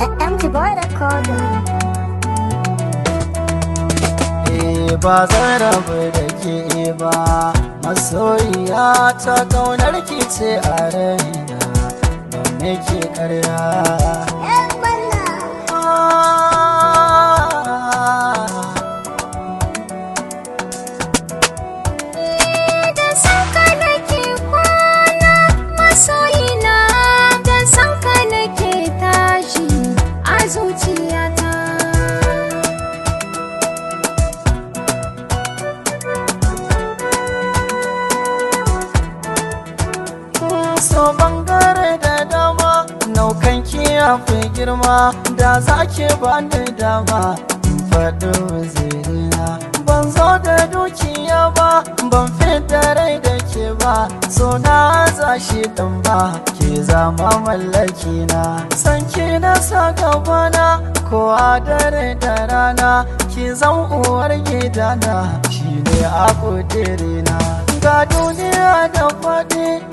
ɗanci boy recording ba zan rabu da ke ba masoyiya ta kaunar ki ce a raina da nake karya bangare da dama naukan kiya fi girma da zaki bani dama faɗi zirina ban zo da dukiya ba ban fita rai da ke ba so na za shi ba ke zama mallaki na san ki na sa na ko a dare da rana ki zan uwar gidana shi ne a na ga duniya da faɗi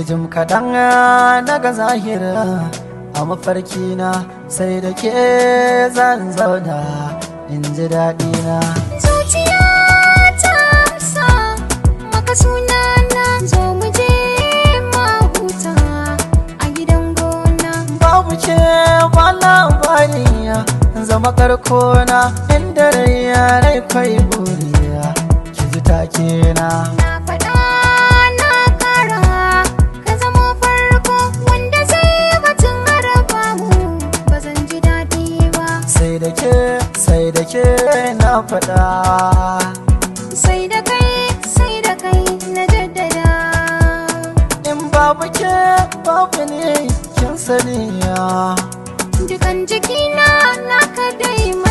ce jim kaɗan daga eh, zahira eh, a mafarki na, sai da ke zan zauna in ji daɗina zuciya ta sa maka suna na zo mu mahuta a gidan gona babu ce ba labariya zama karkona inda rai rai kwai ki ji take na ce na faɗa sai da kai sai da kai na jaddada in babu ce babu ne kin saniya dukan jikina na ka dai